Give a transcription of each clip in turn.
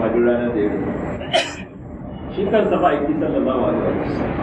ma duk ranar da ya rufe shi kansa ba aiki sallallahu alaihi wasallam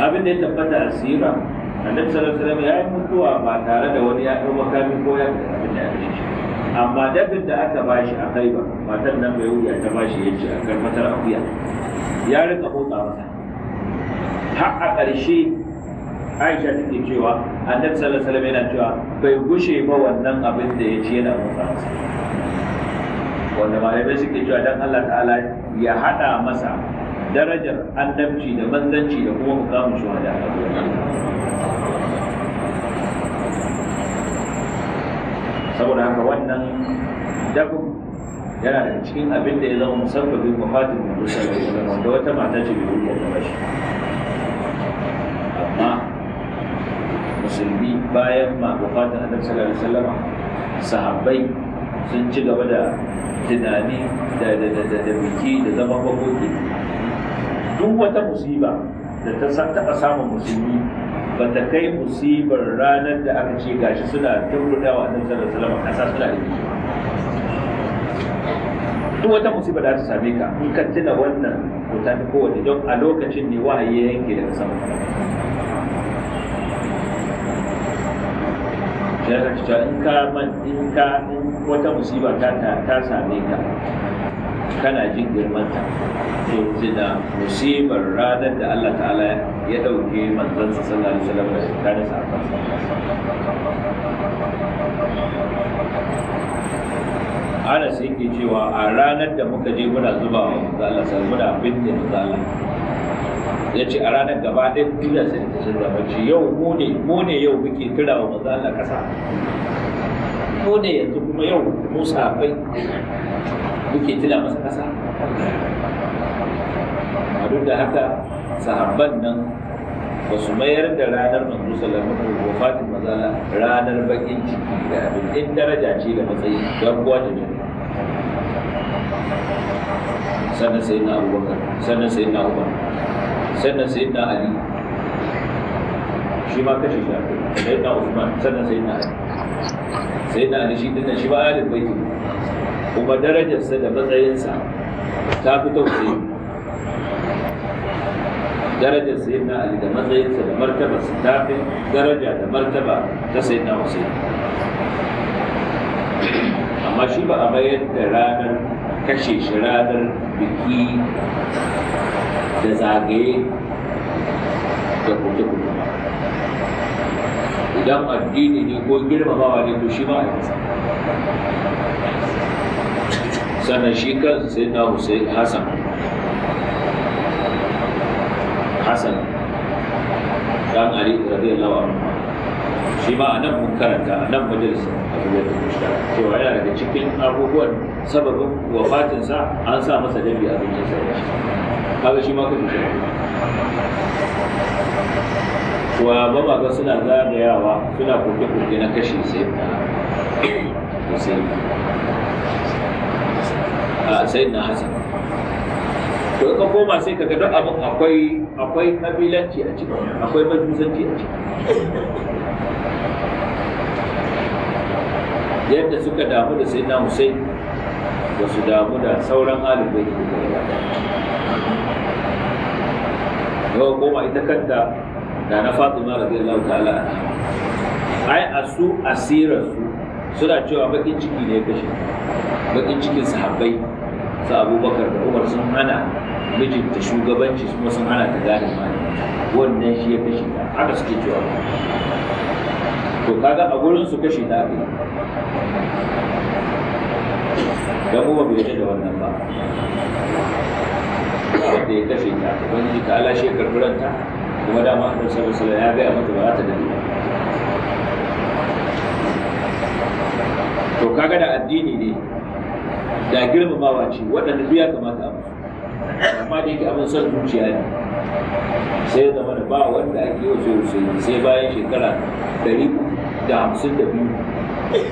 abin da ya tabbata a sira annabi sallallahu alaihi ya yi mutuwa ba tare da wani ya ɗau makami ko ya abin da ya kashe shi amma dabin da aka bashi a kai ba matan nan mai wuya ta bashi ya ce a karfatar akuya ya rika motsa masa har a ƙarshe aisha take cewa annabi sallallahu alaihi wasallam yana cewa bai gushe ba wannan abin da ya ci yana motsa masa wanda malamai suke cewa dan Allah ta'ala ya hada masa darajar annabci da manzanci da kuma mukamin shuhada saboda haka wannan dafin yana da cikin abin da ya zama musabbabin wafatin da sallallahu da wanda wata mata ce bai wuce ba shi musulmi bayan mafafatin annabi sallallahu alaihi wasallam sahabbai sun ci gaba da tunani da da da da biki da zaman bakoki duk wata musiba da ta san taɓa samun musulmi ba ta kai musibar ranar da aka ce gashi suna turbuda wa annabi sallallahu alaihi wasallam kasa suna da biki duk wata musiba da ta same ka in ka tuna wannan ko ta fi kowace don a lokacin ne wahayi ya yanke daga sama ya ta cewa in ka in ka wata musiba ta ta same ka kana jin girman ta to tuna musibar ranar da Allah ta'ala ya dauke manzon sa sallallahu alaihi wasallam da tare sa Anas yake cewa a ranar da muka je muna zuba wa manzo Allah sallallahu muna binne Allah ya ce a ranar gaba ɗaya duniya sai ta sun zama ce yau mu ne yau muke kira wa maza Allah ƙasa mu ne yanzu kuma yau mu safai muke tuna masa ƙasa a duk da haka sahabban nan ba su mayar da ranar manzo sallallahu alaihi wa fatin mazala ranar bakin ciki da abin din daraja ce da matsayi don kuwa da jini sannan sai na abubakar sannan sai na sannan sai na ali shi ma kashe shi sai na usman sannan sai na ali sai na ali shi dinnan shi ba alif baiti kuma darajarsa da matsayinsa ta fi tausayi darajar na ali da matsayinsa da martaba su tafi daraja da martaba ta sai na husaini amma shi ba a mayar da ranar kashe shi ranar biki da zagaye da kuke-kuke idan addini ne ko girmamawa ne to shi ma a yi sannan shi kan sai na Hussein Hassan Hassan dan Ali radiyallahu anhu shi ma a nan mun karanta a nan majalisa a cikin mushkila cewa cikin abubuwan sababin wafatinsa an sa masa dabi a ya sai kaga shi ma ka ji wa ba ma ga suna zagayawa suna kuke kuke na kashi sai na sai a sai na hasan to ka koma sai ka ga duk abin akwai akwai kabilanci a ciki akwai majusanci a ciki yadda suka damu da na musai da su damu da sauran halin bai da gaba yau koma ita kanta da na Fatima radiyallahu ta'ala ai asu asirar su suna cewa bakin ciki ne kashe bakin cikin sahabbai su abubakar da umar sun hana mijinta shugabanci kuma sun hana ta gane ma wannan shi ya kashe ta haka suke cewa to kaga a gurin su kashe ta aka dan uwa bai da wannan ba wanda ya kashe ta ubangiji ta ala shi ranta, kuma dama annabi sallallahu alaihi ya gaya mata ba za ta to kaga da addini ne da girmamawa ce waɗanda duk ya kamata a musu amma da yake abin son zuciya ne sai zama da ba wanda ake yau sai sai bayan shekara ɗari da hamsin da biyu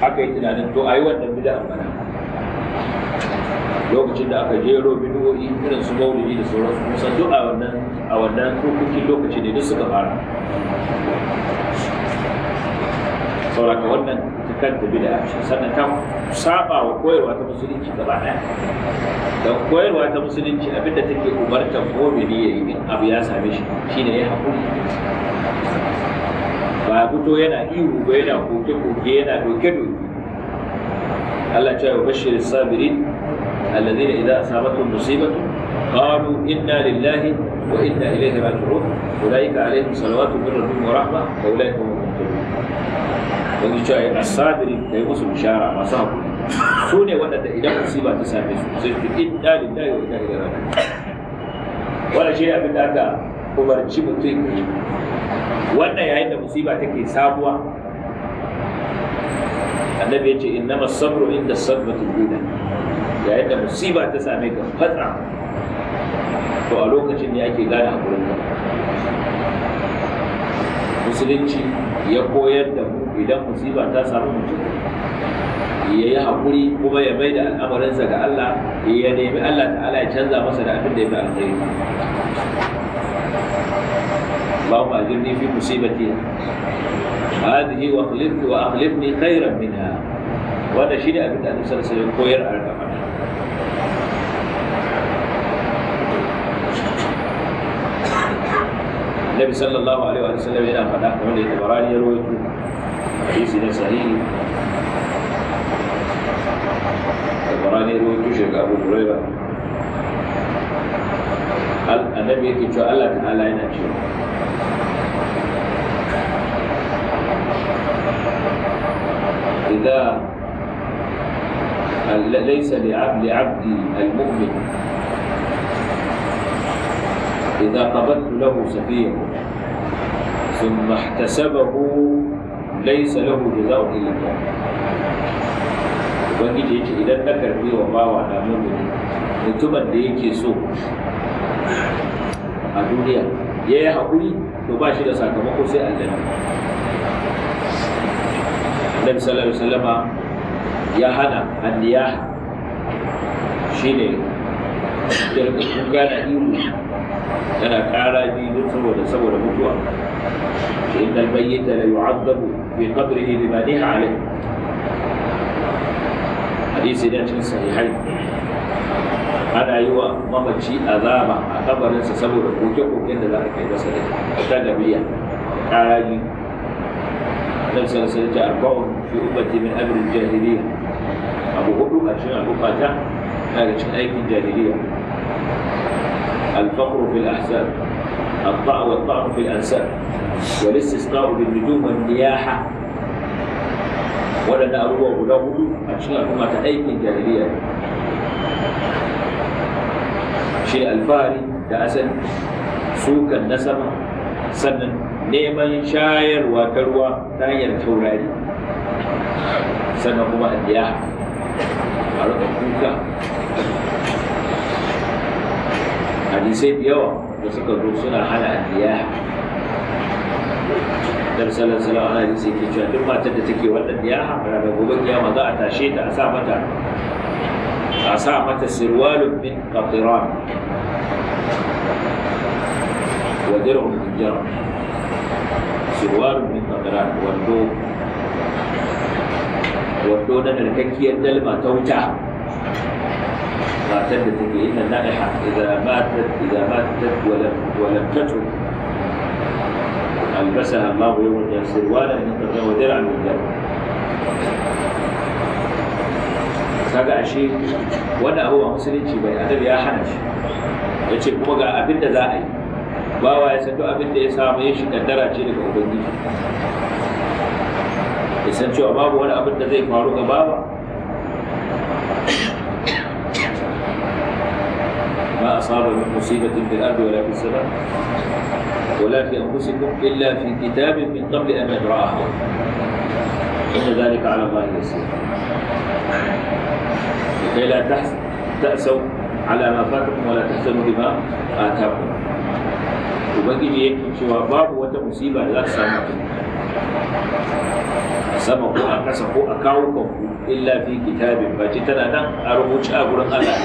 aka yi tunanin to a yi wannan bida amfana lokacin da aka jero bidiyoyi irin su maulidi da sauransu kusan duk a wannan a wannan kurkukin lokaci ne duk suka fara sauraka wannan ta kanta bid'a shi sannan ta saba wa koyarwa ta musulunci gaba ɗaya don koyarwa ta musulunci abinda take umartar mu'mini yayi in abu ya same shi shine ya haƙuri ba fito yana ihu ba yana koke koke yana doke doke Allah ya ce wa bashirin sabirin الذين اذا اصابتهم مصيبه قالوا انا لله وانا اليه راجعون اولئك عليهم صلوات من ربهم ورحمه واولئك هم المفلحون. وجاي الصابر يوسف بشارع مصاب سوني ولد اذا مصيبه تسامح زجت انا لله وانا اليه راجعون. ولا شيء من هذا kuma ci mutum wannan yayin da musiba take sabuwa annabi ya ce inna masabru yayin da musiba ta same ka fatsa to a lokacin ne ake gane a gurin ka musulunci ya koyar da mu idan musiba ta samu mutum ya yi haƙuri kuma ya mai da al'amarinsa ga Allah ya nemi Allah ta'ala ya canza masa da abin da ya fi alkhairi اللهم أجرني في مصيبتي هذه wanda shi ne abin da شيء أبدا أن أسلسل الكوير أربعة النبي صلى الله عليه وسلم إلى قد أحمد الطبراني يرويته حديث نسائي الطبراني يرويته شيخ أبو هريرة النبي كتشو ألا تعالى إن أكشو إذا ليس لعبد المؤمن إذا قبضت له سفيه ثم احتسبه ليس له جزاء إلا ubangiji ya ce idan na karbi wa bawa na mumini mutumin da yake so a duniya ya yi haƙuri to ba shi da sakamako sai aljanna annabi sallallahu alaihi wasallama ya hana anniyaha shine da kuka na ihu yana ƙara biyu saboda saboda mutuwa inna almayyita la yu'adhabu fi qabrihi bima niha alayhi hadisi da cikin sahihai ana yi wa mamaci azaba a kabarinsa saboda koke-koken da za a kai masa ta gabiya ƙarari dan san sai ta arba'un fi ummati min amr jahiliya abu hudu a cikin al'ummata na da cikin aikin jahiliya الفقر في الاحساب والطعن في الانساب والاستسقاء بالنجوم والنياحه ولا نأروه له أشياء ما تأيت من جاهلية شيء الفاري تأسن سوق النسمة سنة نيما شاير وتروى تاية الثوراني سنة هما النياحه على الكوكا hadisai da yawa da suka zo suna hana addiya dan sallallahu alaihi wasallam hadisi ke cewa duk matar da take wannan diyaha bara da gobe kiyama za a tashe ta a mata a mata sirwalun min qatiran wa dirhum min jar sirwalun min qatiran wando wando na narkakkiyar dalma ta wuta معتدت بان النائحه اذا ماتت اذا ماتت ولم ولم تتب البسها الله يوم القيامه سروالا من الدنيا ودرعا من الدرع كذا شيء وانا هو مسلم شيء بين ادب يا حنش يجي بوغا ابد زائي واوا يسدو ابد يسام يشي كدرا شيء لكم يسن شو ابابو وانا ابد زي فاروق ابابا ما أصاب من مصيبة في الأرض ولا في السماء ولا في أنفسكم إلا في كتاب من قبل أن نبرأها إن ذلك على الله يسير لكي لا تأسوا على ما فاتكم ولا تحزنوا بما آتاكم وبقي yake شو babu مصيبة لا da za ta samu a sama ko a ƙasa ko a kawo kanku illa fi kitabin ba tana nan a a gurin Allah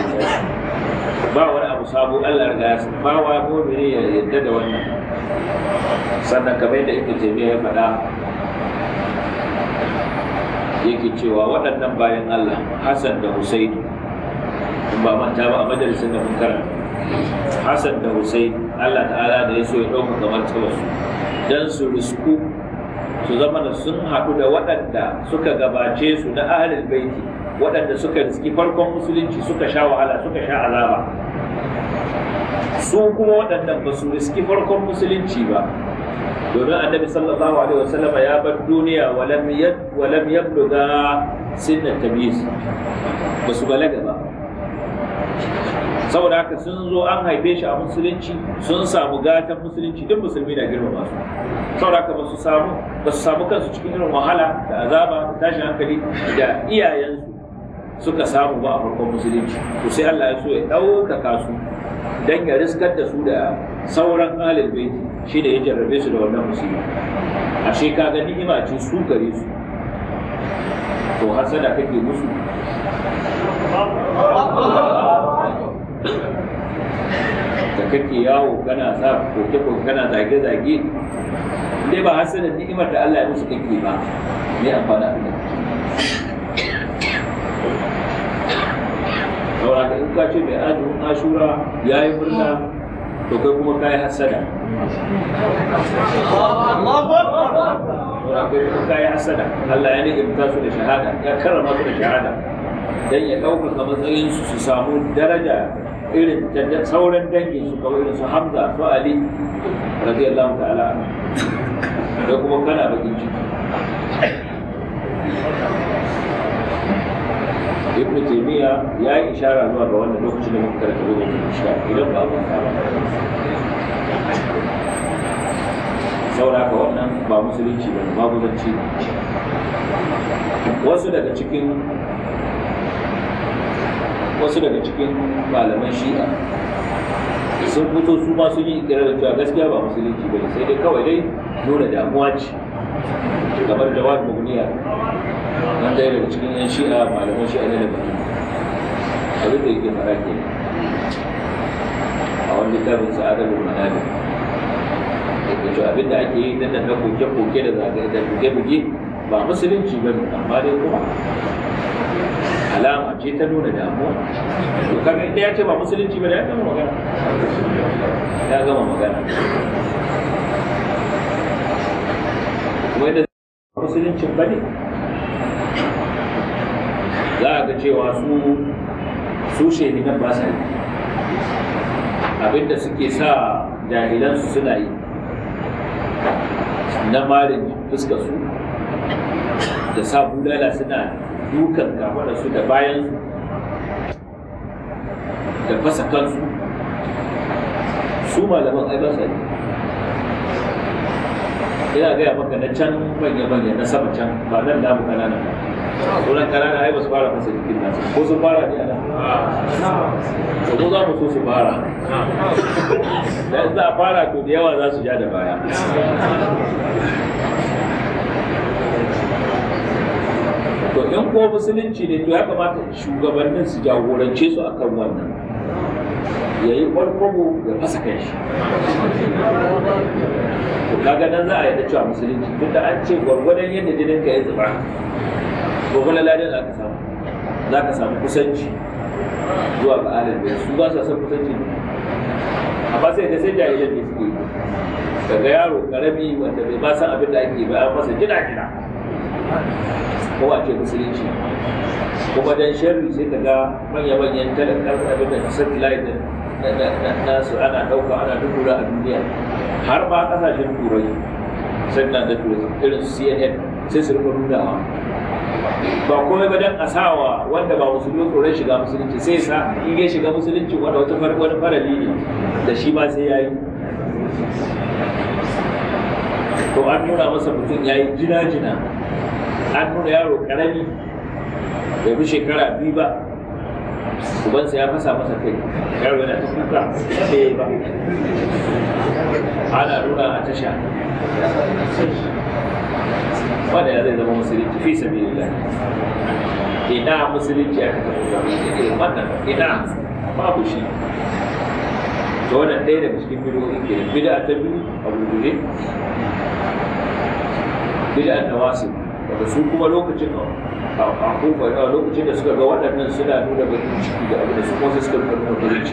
ba wani abu sabo Allah ya gaya su ba wa mu'mini ya yadda da wannan sannan kamar da ibnu taymiya ya faɗa yake cewa waɗannan bayan Allah Hassan da Hussein, in ba manta ba a majalisin da mun karanta Hassan da Hussein, Allah ta'ala da ya so ya ɗauka kamar su dan su risku su zama da sun haɗu da waɗanda suka gabace su na ahlul baiti waɗanda suka riski farkon musulunci suka sha wahala suka sha azaba su kuma waɗannan ba su riski farkon musulunci ba domin annabi sallallahu alaihi wasallam ya bar duniya walam yad walam yabluga sinnat tamyiz ba su balaga ba saboda haka sun zo an haife shi a musulunci sun samu gatan musulunci duk musulmi na girma su, saboda haka ba su samu ba su samu kansu cikin irin wahala da azaba da tashin hankali da iyayen suka samu ba a farkon musulunci to sai Allah ya so ya ɗaukaka su dan ya riskar da su da sauran alil baiti shi da ya jarrabe su da wannan musulmi ashe ka ga ni'ima ce su gare su to hasada kake musu da kake yawo kana sa koke-koke kana zage-zage dai ba hasadan ni'imar da Allah ya musu kake ba ne amfana da kuka ce mai azumin ashura ya yi murna to kai kuma ka yi hasada kai hasada Allah ya ni'imta su da shahada ya karama su da shahada dan ya ɗaukaka matsayinsu su samu daraja irin da sauran dangin su kawai irin su Hamza su Ali radiyallahu ta'ala da kuma kana bakin ciki ibn taymiya ya yi ishara zuwa ga wannan lokacin da muka karanta zuwa ga ishka idan ba mun ba saboda ka wannan ba musulunci ba ba musulunci wasu daga cikin wasu daga cikin malaman shi'a sun fito su ma sun yi ikirarin cewa gaskiya ba musulunci ba sai dai kawai dai nuna damuwa ce kamar jawab mugniya nan ɗaya daga cikin yan shi'a malaman shi'a ne da bani abin da yake fara ke a wani littafin sa'adar ke wato abin da ake yi nan da koke-koke da zagaye da buge-buge ba musulunci ba ne amma dai kuma alama ce ta nuna damuwa to kaga inda ya ce ba musulunci ba da ya gama magana ya gama magana kuma yadda musulunci ba ne za a ga cewa su su shehinan ba sa yi abinda suke sa jahilansu suna yi na malin fuskarsu da sa bulala suna dukan su da bayansu da fasa kansu su malaman ai ba sa yi ina gaya maka na can manya-manya na sama can ba nan damu ƙananan ba sauran kanana ai ba su fara masa jikin nasu ko sun fara ne ana to ko za mu so su fara da za a fara to da yawa za su ja da baya to in ko musulunci ne to ya kamata shugabannin su jagorance su akan wannan ya yi kwarkwabo ya fasa kai shi to kaga nan za a yi da cewa musulunci tunda an ce gwargwadon yadda jinin ka ya zuba gobe na ladan za ka samu za ka samu kusanci zuwa ga ahlul da su ba su san kusanci a ba sai da sai jahilin ne suke ga yaro karami wanda bai ma san abin da ake ba bayan masa gida gida ko a ce musulunci kuma dan sharri sai ka ga manya-manyan talakar abin da satellite su ana ɗauka ana dubura a duniya har ma kasashen turai sannan da turai irin su cnn sai su rufe nuna ba komai ba dan asawa wanda ba musulmi tsoron shiga musulunci sai sa in ya shiga musulunci wanda wata wani farali ne da shi ba sai yayi to an nuna masa mutum yayi jina jina an nuna yaro karami bai bi shekara biyu ba ubansa ya fasa masa kai yaro yana ta kuka sai ba ana nuna a tasha wanda ya zai zama musulunci fi sabilillah ina musulunci aka tafi da wannan ina babu shi to wannan ɗaya daga cikin bidoyi ke bid'a ta biyu a gurgure bid'a an wasu wanda su kuma lokacin a kufa lokacin da suka ga waɗannan suna nuna bakin ciki da abin da su kuma suka nuna bakin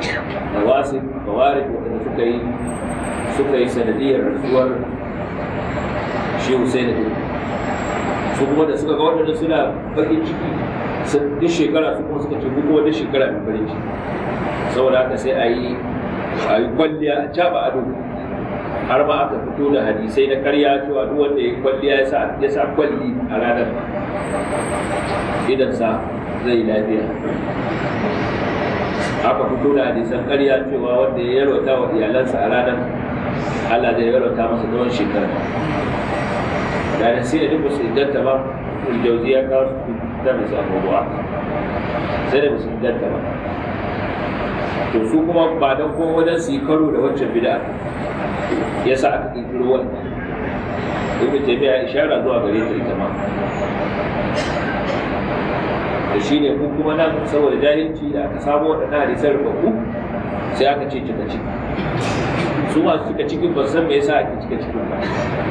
ciki da wasu da warin waɗanda suka yi suka yi sanadiyar rasuwar shi Hussein din su kuma da suka ga waɗanda suna bakin ciki sun duk shekara su kuma suka ce mu kuma duk shekara mai farin ciki saboda haka sai a yi a yi kwalliya a caɓa ado har ma aka fito da hadisai na karya cewa duk wanda ya kwalliya ya sa kwalli a ranar idansa zai lafiya aka fito da hadisan karya cewa wanda ya yarwata wa iyalansa a ranar Allah zai yarwata masa tsawon shekara da duk su inganta ba aljauzi ya kawo su da musu abubuwa sai da musu inganta ba to su kuma ba don kuma wajen su yi karo da waccan bida ya sa aka kirkiro wannan ibn taymiya ishara zuwa gare ta ita ma da shi ne ku kuma nan saboda jahilci da aka samu waɗannan hadisan rubabbu sai aka ce cika ciki su masu suka cikin ba san me yasa ake cika cikin ba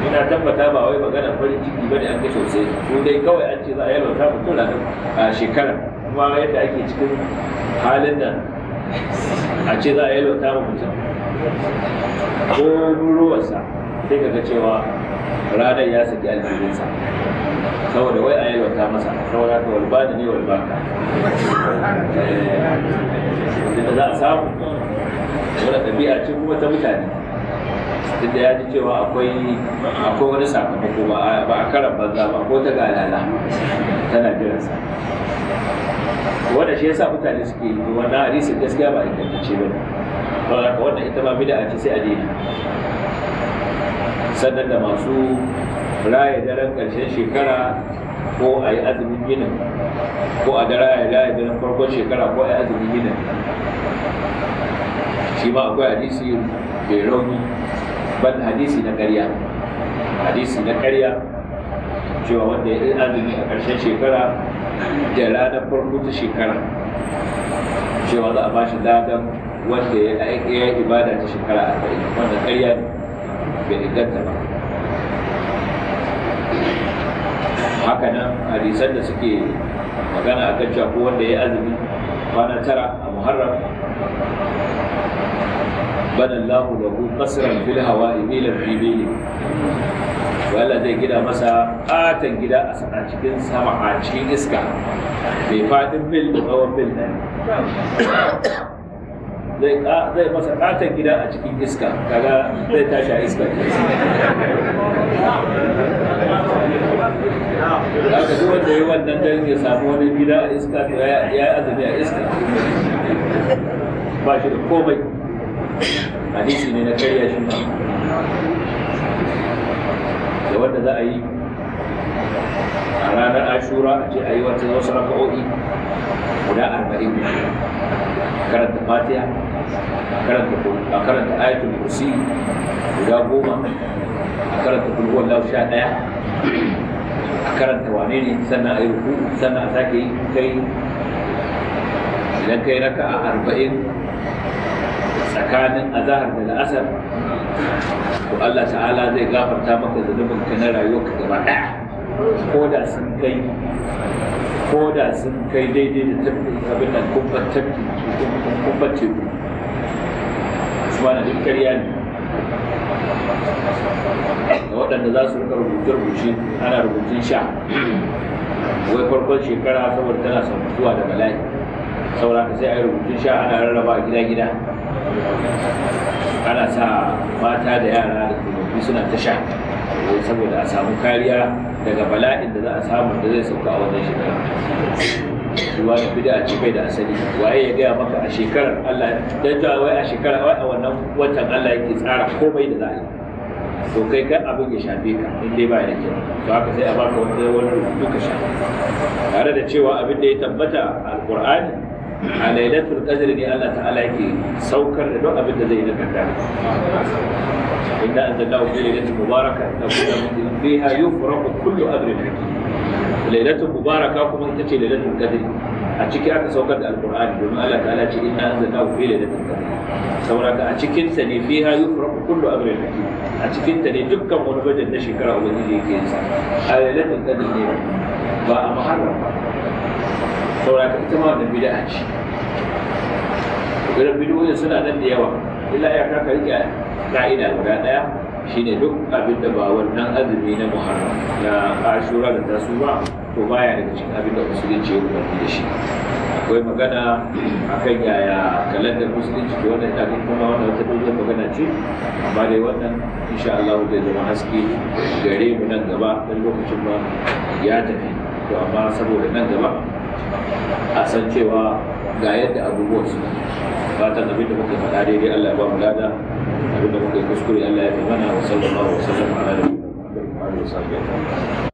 ina tabbata ba wai magana farin ciki ba ne an ga sosai ko dai kawai an ce za a yi yalwata mutum ranar a shekara kuma yadda ake cikin halin nan a ce za a yi yalwata mutum ko ruwarsa sai ka ga cewa ranar ya saki aljihinsa saboda wai a yi yalwata masa saboda ka walba eh, da ne walba ka za a samu wadda ɗabi'a ce kuma ta mutane inda ya ji cewa akwai akwai wani sakamako ba a karan banza ba ko ta galala tana jiransa wanda shi yasa mutane suke yi wannan hadisi gaskiya ba ingantacce ba ne ba wadda ita ma bid'a ce sai a daina sannan da masu raya daren ƙarshen shekara ko a yi azumin ginin ko a da raya daren farkon shekara ko a yi azumin ginin. shi ma akwai hadisi mai rauni ban hadisi na ƙarya hadisi na ƙarya cewa wanda ya azumi a ƙarshen shekara da ranar farko ta shekara cewa za a ba shi ladan wanda ya yi ibada ta shekara ɗari wanda ƙarya bai inganta ba haka nan hadisan da suke magana a kan ko wanda ya yi azumi kwana tara a muharram bana Allahu lahu qasran fil hawa'i ila bibili wala zai gida masa katan gida a cikin sama a cikin iska bai fadin mil tsawon bil ɗaya zai masa katon gida a cikin iska kaga zai tashi a iska Daga duk wanda yi wannan don ya samu wani gida a iska to ya azumi a iska ba shi da komai hadisi ne na karya shi ma da wanda za a yi a ranar ashura a ce a yi wata wasu raka'o'i guda arba'in karanta fatiha a karanta ayatul kursi guda goma a karanta kulhuwan lau sha ɗaya a karanta wane ne sannan a yi ruku sannan a sake yi kai idan kai raka a arba'in tsakanin azahar da la'asar to Allah ta'ala zai gafarta maka zunubin ka na rayuwarka gaba ɗaya ko da sun kai ko da sun kai daidai da tafi abin nan kumbar tafi kumbar teku subhana duk ƙarya ne da waɗanda za su rika rubuce-rubuce ana rubutun sha wai farkon shekara saboda tana zuwa daga layi saboda sai a yi rubutun sha ana rarraba gida-gida ana sa mata da yara da kuma suna ta sha saboda a samu kariya daga bala'in da za a samu da zai sauka a wannan shekara ruwa da bid'a ce bai da asali waye ya gaya maka a shekarar Allah dan ta wai a shekarar wai a wannan watan Allah yake tsara komai da za a yi to kai kan abin ya shafe ka in dai ba da kyau to haka sai a baka wani wani duka shafe tare da cewa abin da ya tabbata alqur'ani a lailatul qadr ne Allah ta'ala yake saukar da duk abin da zai na kanta inna anzalahu fi lailatin mubaraka takuna fiha yufraqu kullu amrin hakim lailatul mubaraka kuma ita ce lailatul qadr a ciki aka saukar da alqur'ani domin Allah ta'ala ce inna anzalahu fi lailatul qadr saboda a cikin ta ne fiha yufraqu kullu amrin hakim a cikin ta ne dukkan wani bajin na shekara ubangiji yake yi a lailatul qadr ne ba a muharram ba saura ka ita ma da bid'a ce irin bidiyoyin suna nan da yawa illa ya ka rike ka'ida guda daya shine duk abin da ba wannan azumi na muharram na ashura da tasu ba to baya daga cikin abin da musulunci ya umarni da shi akwai magana a kan yaya kalandar musulunci ke wannan ɗakin kuma wannan wata dukkan magana ce amma dai wannan insha Allah zai zama haske gare mu nan gaba dan lokacin ba ya tafi to amma saboda nan gaba a san cewa ga yadda abubuwan su fatan abinda muka faɗa daidai Allah ya ba mu lada abinda muka yi kuskure Allah ya fi mana wa sallallahu wa sallam ala nabiyyina